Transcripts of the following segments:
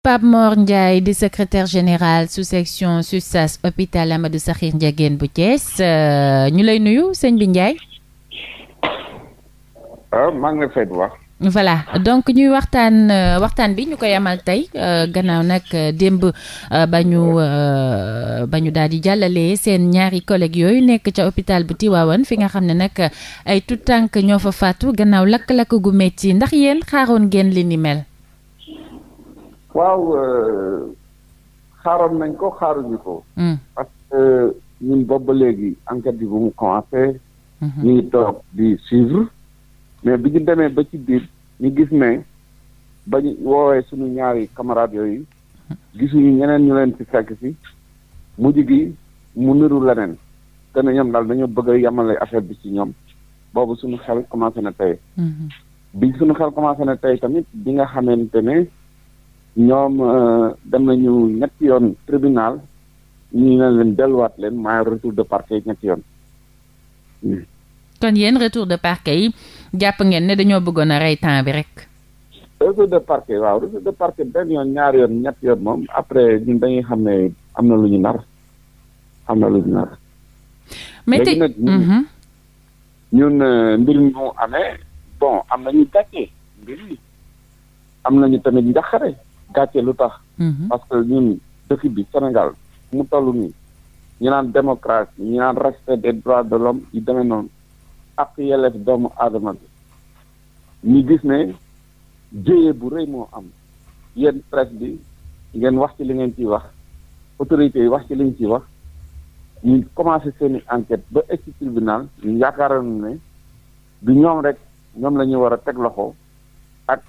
Pape Mor Ndiaye di secretaire général sous section SUTSAS hôpital Amadou Sakhir Ndiéguène bu Thiès euh, ñu lay nuyu sëñ bi Ndiaye. Ah, maa ngi lay voilà donc ñuy waxtaan euh, waxtaan bi ñu koy amal tey euh, gannaaw nag démb bañu ñu ba ñu daal di jàllalee seen ñaari collègue yooyu nekk ca hôpital bu Tivaouane fi nga xam ne nag ay tout tànk ñoo fa faatu gannaaw lakk-lakk gu metti ndax yéen xaaroon ngeen li ni mel. waaw euh, xaaroon nañ ko xaaruñu ko. Mm. parce que ñun boobu ba léegi enquête bi bu mu commencé. Mm-hmm. ñu ngi toog di suivre mais bi ñu demee ba ci biir ñu gis ne ba ñu woowee suñu ñaari camarades yooyu gisuñu ñeneen ñu leen ci fekk si mujj gi mu niru leneen te ñoom daal dañoo bëgg a yemale affaire bi ci ñoom boobu suñu xel commencé na tey. Mm-hmm. bi suñu xel commencé na tey tamit bi nga xamante ne. ñoom euh, dem nañu ñetti yoon tribunal ñu ne leen delluwaat leen maa retour de parquet ñetti yoon. kon yéen retour de parquet yi jàpp ngeen ne dañoo bëggoon a rey temps bi rek. retour de parquet waaw retour de parquet benn yoon ñaari yoon ñetti yoon moom après ñun dañuy xam ne am na lu ñu nar am na lu ñu nar. mais tey ñun mhm. euh, mbir mu amee bon am nañu gàcce mbir yi am nañu tamit njaxare gàcce lu tax. Mhm. parce ñun dëkk bi Sénégal mu toll nii ñu naan démocratie ñu naan respect des droits de l'homme yi demee noonu ak yelleef doomu aadama bi ñu gis ne jéye bu rëy moo am yéen presse bi ngeen wax ci li ngeen ciy wax autorités yi wax ci li ñu ciy wax ñu commencé seen i enquête ba egg ci tribunal ñu yaakaaroon ne du ñoom rek ñoom lañu ñuy war a teg loxo ak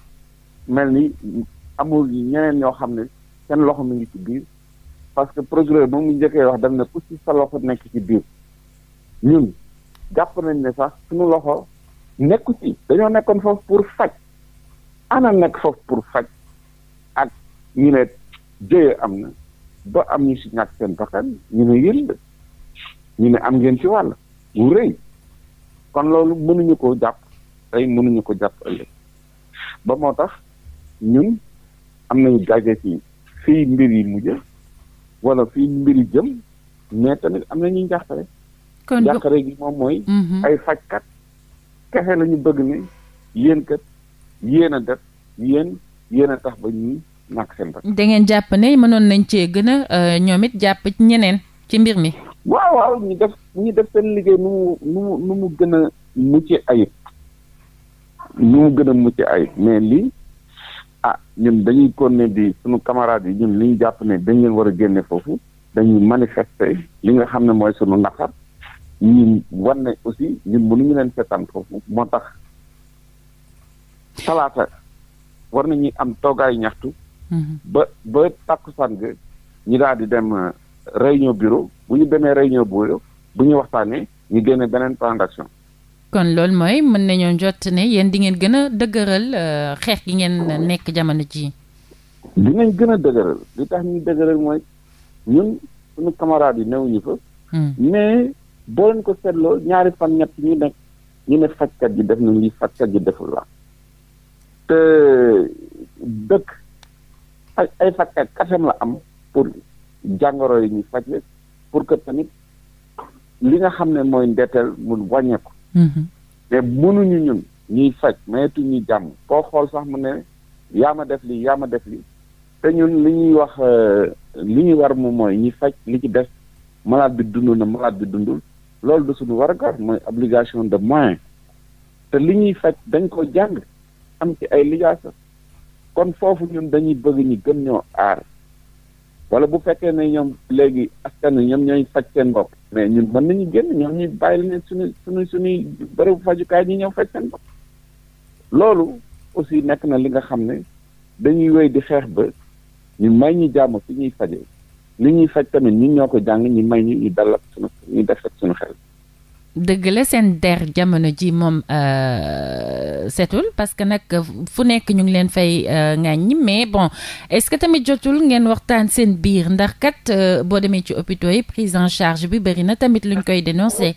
mel ni amul ñeneen ñoo xam ne seen loxo mi ngi ci biir parce que procureur moom mu njëkkee wax daf ne ku ci sa loxo nekk ci biir ñun jàpp nañ ne sax suñu loxo nekku ci dañoo nekkoon foofu pour faj ana nekk foofu pour faj ak ñu ne jëye am na ba am ñu si ñàkk seen bakkan ñu ne yéen ñu ne am ngeen ci wàll bu rëy kon loolu mënuñu koo jàpp tey mënuñu ko jàpp ëllëg ba moo tax ñun am nañu daje ci fii mbir yi mujj wala fii mbir yi jëm mais tamit am na ñuy njàqare njàqare gi moom mooy mhm. ay fajkat kexe la ñu bëgg ne yéen kat a def yéen yéen a tax ba ñu nàkk seen bakkan jàpp ne mënoon nañ cee gën a euh, ñoom it jàpp ci ñeneen ci mbir mi waaw waaw ñu def ñu def seen liggéey nu mu nu mu nu mu gën a mucc ayib nu mu gën a mucc ayib mais lii ah ñun dañuy continuer di suñu camarades yi ñun li ñu jàpp ne dañ leen war a génne foofu dañuy manifester li nga xam ne mooy suñu naqar ñun wan ne aussi ñun mënuñu leen seetaan foofu moo tax talaata war nañuy am toogaayu ñaxtu. Mhm. ba ba tàkkusaan ga ñu daal di dem euh, réunion bureau bu ñu demee réunion bureau bu ñu waxtaanee ñu génne beneen plan kon loolu mooy mën nañoo jot ne yéen di ngeen gën a dëgëral euh, xeex gi ngeen nekk jamono ci jii. ngeen gën a dëgëral li tax ñuy dëgëral mooy ñun suñu camarades yi newuñu ñu fa. Hmm. mais boo leen ko seetloo ñaari fan ñett ñu nekk ñu ne fajkat yi def na lii fajkat yi deful la te dëkk ay ay fajkat katam la am pour jàngoro yi ñuy faj pour que tamit li nga xam ne mooy ndetteel mu wàññeeku. mais mm-hmm. mënuñu ñun ñuy faj mayetu ñu jàmm koo xool sax mu ne yaa ma def lii yaa ma def lii te ñun li ñuy wax euh, li ñuy war mu mooy ñi faj li ci def malade bi dund na malade bi dundul loolu du suñu war wargar mooy obligation de moyen te li ñuy faj dañ koo jàng am ci ay lijaasa kon foofu ñun dañuy bëgg ñu gën ñoo aar wala bu fekkee ne ñoom léegi askan wi ñoom ñooy faj seen bopp mais ñun mën nañu génn ñoom ñu bàyyi leen suñu suñu suñuy bërëbu fajukaay ñi ñëw faj seen bopp loolu aussi nekk na li nga xam ne dañuy wéy di xeex ba ñu may ñu jàmm fi ñuy fajee li ñuy faj tamit ñu ñoo ko jàng ñu may ñu ñu dalal suñu ñu def ak suñu xel dëgg la seen der jamono ji moom euh, setul parce que nag fu nekk ñu ngi leen fay euh, ŋàññi mais bon est-ce que tamit jotul ngeen waxtaan seen biir ndax kat euh, boo demee ci hôpitaux yi prise en charge bi bëri na tamit luñ koy dénoncer.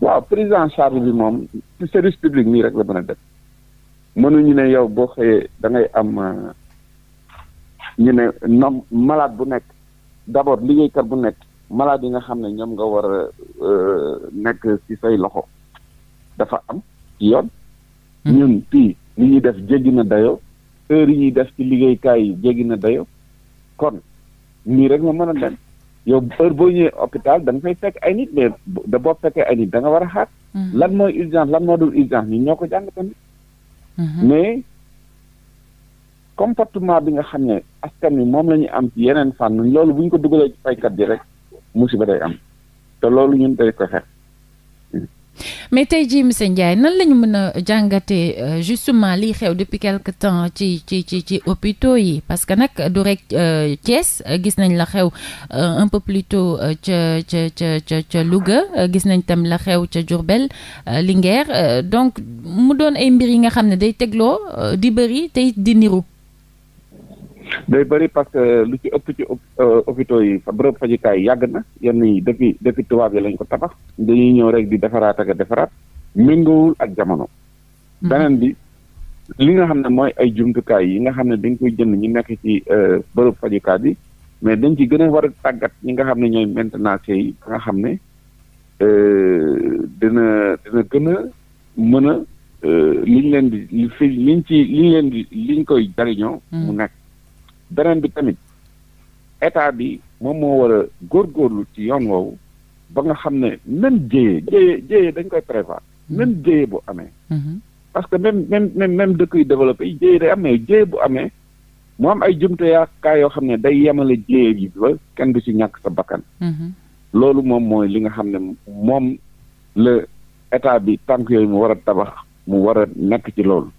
waaw prise en charge bi moom ci service public nii rek la mën a def mënuñu ne yow boo xëyee da ngay am ñu ne nom malade bu nekk d'abord liggéeykat bu nekk. malade yi nga xam ne ñoom nga war a euh, nekk ci say loxo dafa am ci yoon. Hmm. ñun fii li ñuy def jéggi na dayoo heure yi ñuy def ci liggéeykaay yi jéggi na dayo kon nii rek ma mën a dem yow heure boo ñëwee hôpital da nga fay fekk ay nit mais da boo fekkee ay nit da nga war a xaar. Hmm. lan mooy urgence lan moo dul urgence ñun ñoo ko jàng tamit. Hmm. mais comportement bi nga xam ne askan wi moom la ñu am ci yeneen fànn loolu bu ñu ko dugalee ci faykat bi rek. musiba day am te loolu ñun day ko xeex. mais tey jii monsieur Ndiaye nan la mën a jàngate euh, justement liy xew depuis quelque temps ci ci ci ci hôpitaux yi parce que nag du rek euh, Thiès gis nañ la xew euh, un peu plus tôt ca ca ca ca ca Louga gis nañ tam la xew ca Diourbel Linguère donc mu doon ay mbir yi nga xam ne day tegloo di bëri tey di niru. day bëri parce que lu ci ëpp ci euh, hôpitaux yi bërëb fajukaay yàgg na yenn yi depuis depuis tubaab yi lañ ko tabax dañuy ñëw rek di defaraat ak defaraat méngoowul ak jamono mhm. beneen bi li nga xam ne mooy ay jumtukaay yi nga xam ne dañ koy jënd ñu nekk ci euh, bërëb fajukaay bi mais dañ ci gën a war a tàggat ñi nga xam ne ñooy maintenance yi ba nga xam ne euh, dina dina gën a mën a liñ leen di ci liñ leen di liñ koy jariñoo mhm. mu nekk beneen bi tamit état bi moom moo war góor góorlu ci yoon woowu ba nga xam ne même jéyee jéyee jéyee dañ koy prévoir même mm-hmm. jéyee bu amee mm-hmm. parce que même même même dëkk yu développé yi jéyee day am mais jéyee bu amee mu am ay kaay yoo xam ne day yemale jéyee bi ba kenn du ci ñàkk sa bakkan mm-hmm. loolu moom mooy li nga xam ne moom la état bi tànk yooyu mu war a tabax mu war a nekk ci loolu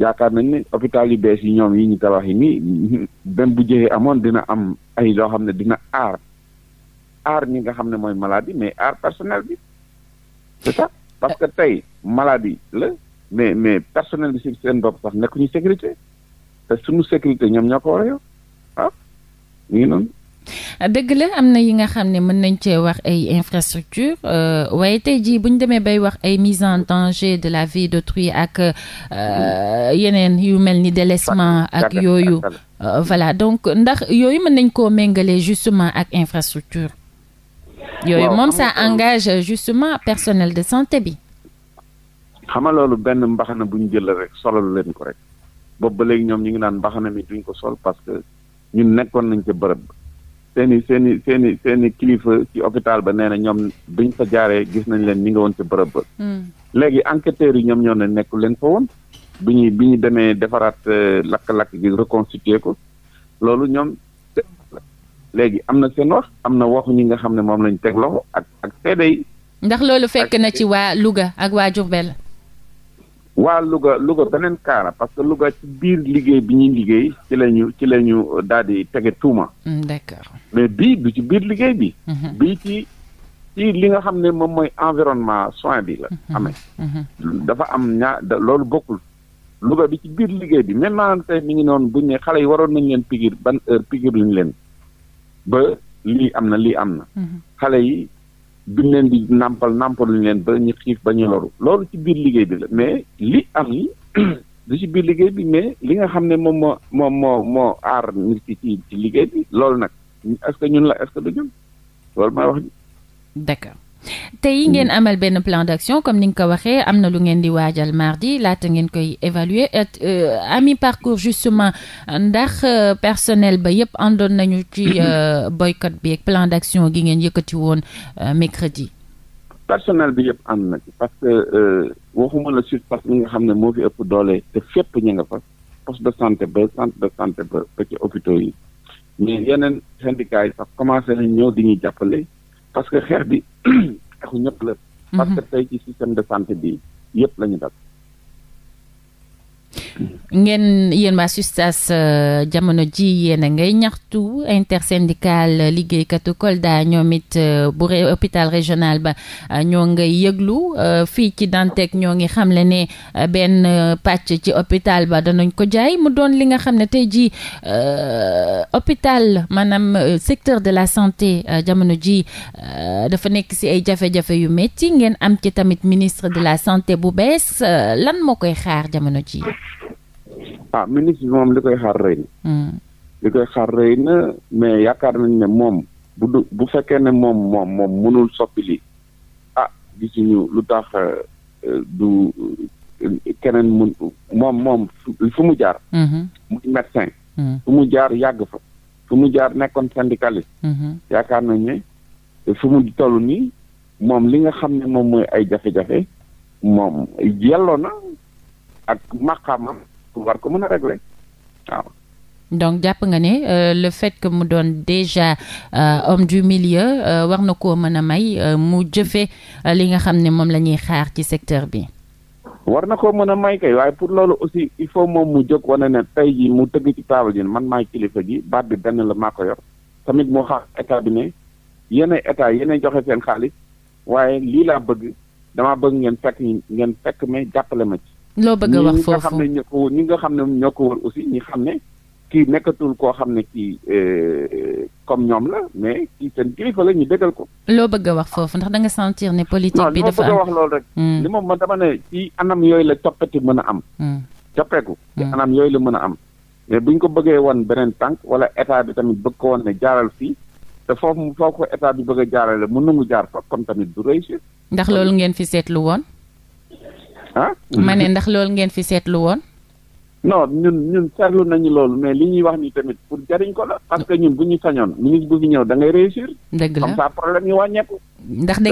yaakaar nañ ne hôpital yu bees yi ñoom yi ñu tabax yi nii même bu jëyee amoon dina am ay loo xam ne dina aar aar ñi nga xam ne mooy maladie mais aar personnel bi c'est ça parce que tey maladie la mais mais personnel bi si seen bopp sax nekkuñu sécurité te suñu sécurité ñoom ñoo ko ah ñu ngi noonu dëgg la am na yi nga xam ne mën nañ cee wax ay infrastructure euh, waaye tey jii bu ñu demee bay wax ay mise en danger de la vie d'autrui ak euh, yeneen yu mel ni délaissement ak yooyu euh, voilà donc ndax yooyu mën nañ koo méngale justement ak infrastructure yooyu moom ça engage justement personnel de santé bi xam nga loolu benn mbaxana buñ ñu jël rek solalu leen ko rek boobu ba léegi ñoom ñu ngi naan mbaxana mi duñ ko sol parce que ñun nekkoon nañ ca bërëb seen i seeni seeni seen kilifa ci hôpital ba nee na ñoom biñ fa jaaree gis nañ leen ñi nga woon ci bërëb hmm. léegi enquêteurs yi ñoom ñoo ne nekkul leen fa woon. bi ñuy bi ñu demee defaraat euh, lakk-lakk gi reconstitué ko loolu ñoom léegi am na seen wax am na waxu ñi nga xam ne moom lañ teg loxo ak ak yi. ndax loolu fekk na ci waa Louga ak waa Diourbel. waa Louga Louga beneen kaara parce que Louga ci biir liggéey bi ñuy liggéey ci la ñu ci la ñu daal di tege tuuma. Mm, d'accord mais bii bi ci biir liggéey bi. Mm-hmm. bii ci ci li nga xam ne moom mooy environnement soin bi la. Mm-hmm. amee mm-hmm. dafa am ñaa loolu bokkul. Louga bi ci biir liggéey bi maintenant tey mi ngi noonu buñ ne xale yi waroon nañ leen pigir ban heure pigir luñ leen ba lii am na lii am na. xale yi duñ leen di nàmpal nàmpaluñ leen ba ñu xiif ba ñu loru loolu ci biir liggéey bi la mais li am li ci biir liggéey bi mais li nga xam ne moom moo moom moo moo aar nit ki ci ci liggéey bi loolu nag est-ce que ñun la est-ce du ñun loolu mooy wax ji d'accord tey ngeen amal benn plan d'action comme ni nga ko waxee am na lu ngeen di waajal mardi laata ngeen koy évaluer euh, ami mi-parcours justement ndax euh, personnel ba yépp àndoon nañu ci euh, boycott bi ak plan d'action gi ngeen yëkkati woon mercredi. personnel bi yépp ànd na ci parce que waxuma la suite parce que nga xam ne moo fi ëpp doole te fépp ñu nga fa poste de santé ba centre de santé ba ci hôpitaux yi mais yeneen syndicats sax commencé nañ ñëw di ñuy jàppale. parce que xeex bi xeexu ñëpp la. Mm-hmm. parce que tey ci système de santé bi yëpp la ñu def. ngeen yéen waa SUTSAS euh, jamono ji yéen a ngay ñaxtu intersyndical euh, liggéeykatu Kolda ñoom it euh, bu hôpital régional ba ñoo ngay yëglu fii ci Dantec ñoo ngi xam ne ne benn pàcc ci hôpital ba danañ ko jaay mu doon li nga xam ne tey jii hôpital maanaam secteur de la santé jamono ji dafa nekk si ay jafe-jafe yu métti ngeen am ci tamit ministre de la santé bu bees lan moo koy xaar jamono ji ah ministre moom li koy xaar rëy hmm. koy xaar rëy mais yaakaar nañ ne moom bu du bu fekkee ne moom moom moom mënul soppi lii ah gisuñu lu tax euh, du keneen mun moom moom fu mu jaar. Hmm. muy médecin. Hmm. fu mu jaar yàgg fa. fu mu jaar nekkoon syndicaliste. yaakaar nañ ne fu mu toll nii moom li nga xam ne moom mooy ay jafe-jafe moom yelloo na ak maqaamam pour war ko mën a régler waaw. donc jàpp nga ne euh, le fait que mu doon déjà euh, homme du milieu euh, war na koo mën a may euh, mu jëfee euh, li nga xam ne moom la ñuy xaar ci secteur bi. war na koo mën a may kay waaye pour loolu aussi il faut moom mu jóg wane ne tey jii mu tëgg ci taabal ji man maay kilifa gi baat bi benn la maa ko yor tamit moo xam état bi ne yéen état yéen joxe seen xaalis waaye lii laa bëgg damaa bëgg ngeen fekk ngeen fekk ma jàppale ma ci. loo bëgg a wax foofu ñi nga xam oh, ñi nga xam ne ñoo ko wër aussi ñi xam ne kii nekkatul koo xam ne kii euh, comme ñoom la mais seen kilifa la ñu dëggal ko. loo bëgg a wax foofu ndax da nga sentir ne politique bi dafa am wax loolu rek. Hmm. li moom man dama ne ci anam yooyu la coppati mën a am. Hmm. coppeeku ci hmm. anam yooyu la mën a am. mais bu ko bëggee woon beneen tànk wala état bi tamit bëgg ko woon ne jaaral fii te foofu foo ko état bi bëgg a jaarale mu nangu jaar fa comme tamit du réussir. ndax loolu ngeen fi seetlu woon. ah. ma ne ndax loolu ngeen fi seetlu woon. non ñun ñun seetlu nañu loolu mais li ñuy wax ni tamit pour jariñ ko la parce que ñun bu ñu fañoon ministre bu fi ñëw da ngay réussir. dëgg la comme ça problème yi wàññeeku. ndax da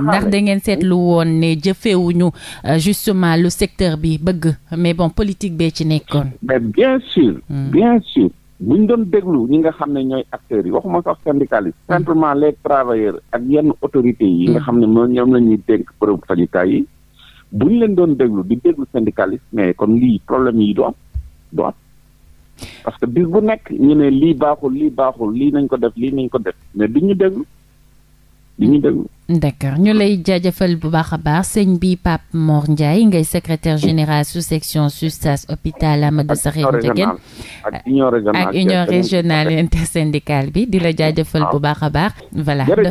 ndax da ngeen seetlu woon ne jëfeewuñu euh, justement lu secteur bi bëgg mais bon politique bee ci nekkoon. mais bien sûr. Hmm. bien sûr bu ñu doon déglu ñi nga xam ne ñooy acteurs yi waxuma sax syndicaliste hmm. simplement les travailleurs ak yenn autorités yi. nga hmm. xam ne moom ñoom la ñuy dénk bërëbu fajukaay yi. bu ñu leen doon déglu di déglu syndicaliste mais comme lii problème yi du am du am parce que bis bu nekk ñu ne lii baaxul lii baaxul lii nañ ko def lii nañ ko def mais du ñu déglu du ñu ñu lay jaajëfal bu baax a baax sëñ bi Pape Mor Ndiaye ngay secretaire général sous section SUTSAS hôpital Amadou Sakhir Ndiéguène ak union régionale ak union régionale intersyndicale bi di la jaajëfal bu ah. baax a baax. voilà